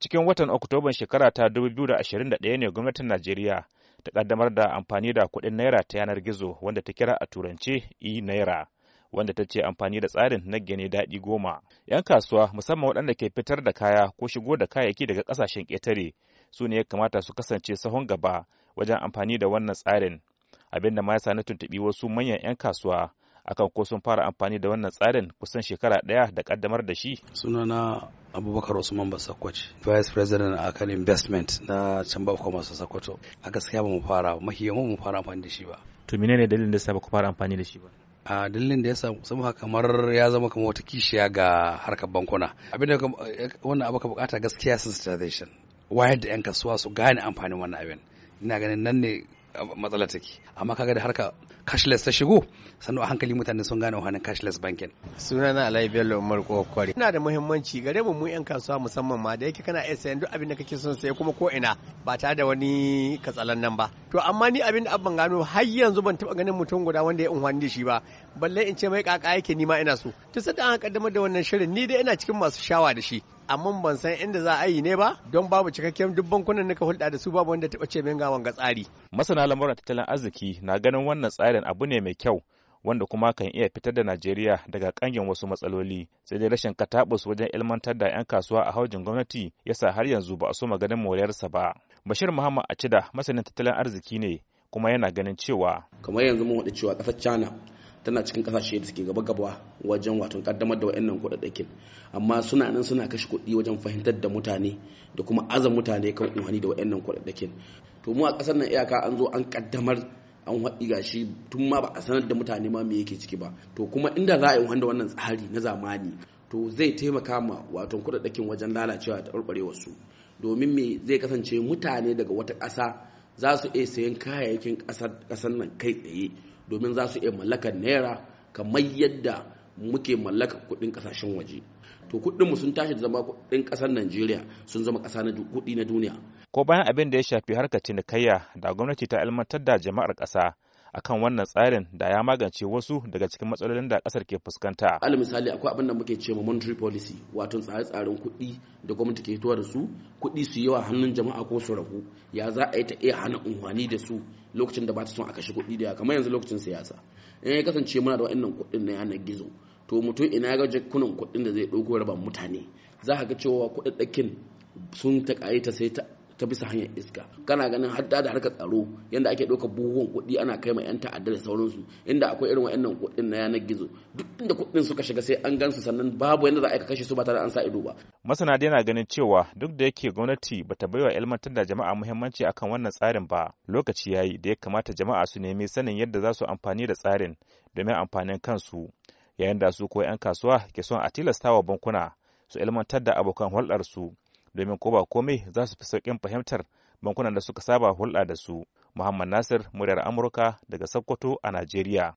Cikin watan Oktoban shekara ta 2021 ne gwamnatin Najeriya ta kaddamar da amfani da kuɗin naira ta yanar gizo wanda ta kira a turance e-naira. wanda ta ce amfani da tsarin na gane daɗi goma. 'Yan kasuwa musamman waɗanda ke fitar da kaya ko shigo da kayayyaki daga ƙasashen ƙetare su ne ya kamata su kasance sahun gaba wajen amfani da wannan tsarin. Abin da ma ya na tuntuɓi wasu manyan 'yan kasuwa akan ko sun fara amfani da wannan tsarin kusan shekara ɗaya da kaddamar da shi. Sunana Abubakar Usman Basakwaci, Vice President a kan Investment na Chamber of Commerce Sokoto. A gaskiya ba mu fara, mahi mu fara amfani da shi ba. To menene dalilin da yasa ba ku fara amfani da shi ba? a dalilin da ya sabu haka kamar ya zama kamar wata kishiya ga harkar bankuna abinda wannan abu ka bukata gaskiya sensitization wayar da 'yan kasuwa su gane amfanin wannan abin ina ganin nan ne matsala take amma kaga da harka cashless ta shigo sannu a hankali mutane sun gane wahanin cashless banking sunana alai bello umar kwakwari ina da muhimmanci gare mu mu yan kasuwa musamman ma da yake kana iya sayan duk abin da kake son saye kuma ko ina ba tare da wani katsalan nan ba to amma ni abin da abban gano har yanzu ban taba ganin mutum guda wanda ya unhwani da shi ba balle in ce mai kaka yake ni ma ina so to sai da an kaddamar da wannan shirin ni dai ina cikin masu shawa da shi amma ban san inda za a yi ne ba don babu cikakken duk bankunan nika hulɗa da su babu wanda taɓa ce min ga tsari. Masana lamuran tattalin arziki na ganin wannan tsarin abu ne mai kyau wanda kuma kan iya fitar da Najeriya daga ƙangin wasu matsaloli sai dai rashin katabus wajen ilmantar da 'yan kasuwa a haujin gwamnati yasa har yanzu ba a so maganin moriyarsa ba. Bashir Muhammad Acida masanin tattalin arziki ne kuma yana ganin cewa kamar yanzu mun faɗi cewa ƙasar China tana cikin kasashe da suke gaba gaba wajen wato kaddamar da wayannan kuɗaɗɗakin amma suna nan suna kashe kuɗi wajen fahimtar da mutane da kuma azan mutane kan umarni da wayannan kuɗaɗɗakin to mu a ƙasar nan iyaka an zo an kaddamar an haɗi gashi tun ma ba a sanar da mutane ma me yake ciki ba to kuma inda za a yi wanda wannan tsari na zamani to zai taimaka ma wato kuɗaɗɗakin wajen lalacewa da barbarewar su domin me zai kasance mutane daga wata ƙasa za su iya sayan kayayyakin ƙasar nan kai tsaye domin za su iya mallakar naira kamar yadda muke mallaka kuɗin ƙasashen waje to kuɗinmu sun tashi da zama kuɗin kasar najeriya sun zama ƙasa na kuɗi na duniya ko bayan abin da ya shafi harkar cinikayya da gwamnati ta ilmantar da jama'ar ƙasa akan wannan tsarin da ya magance wasu daga cikin matsalolin da kasar ke fuskanta. Al misali akwai abin da muke cewa monetary policy wato tsare-tsaren kuɗi da gwamnati ke fitowa da su kuɗi su yawa hannun jama'a ko su ragu ya za a yi ta iya hana unhwani da su lokacin da ba ta son a kashe kuɗi da ya kamar yanzu lokacin siyasa. In ya kasance muna da wa'annan kuɗin na yanar gizo to mutum ina ga jakunan kuɗin da zai ɗauko raba mutane za ka ga cewa kuɗaɗɗakin sun taƙaita sai ta ta bisa hanyar iska kana ganin hadda da harkar tsaro yadda ake ɗauka buhuhun kuɗi ana kai ma 'yan ta'adda da sauransu inda akwai irin wa'annan kuɗin na yanar gizo duk inda kuɗin suka shiga sai an gansu sannan babu yadda za a kashe su ba tare da an sa ido ba masana dai na ganin cewa duk da yake gwamnati ba bata baiwa ilmantar da jama'a muhimmanci akan wannan tsarin ba lokaci yayi da ya kamata jama'a su nemi sanin yadda za su amfani da tsarin domin amfanin kansu yayin da su ko 'yan kasuwa ke son a tilastawa bankuna su ilmantar da abokan hulɗarsu domin ko ba komai za su fi sauƙin fahimtar bankunan da suka saba hulɗa da su. Muhammad Nasir, muryar Amurka daga Sokoto a Najeriya.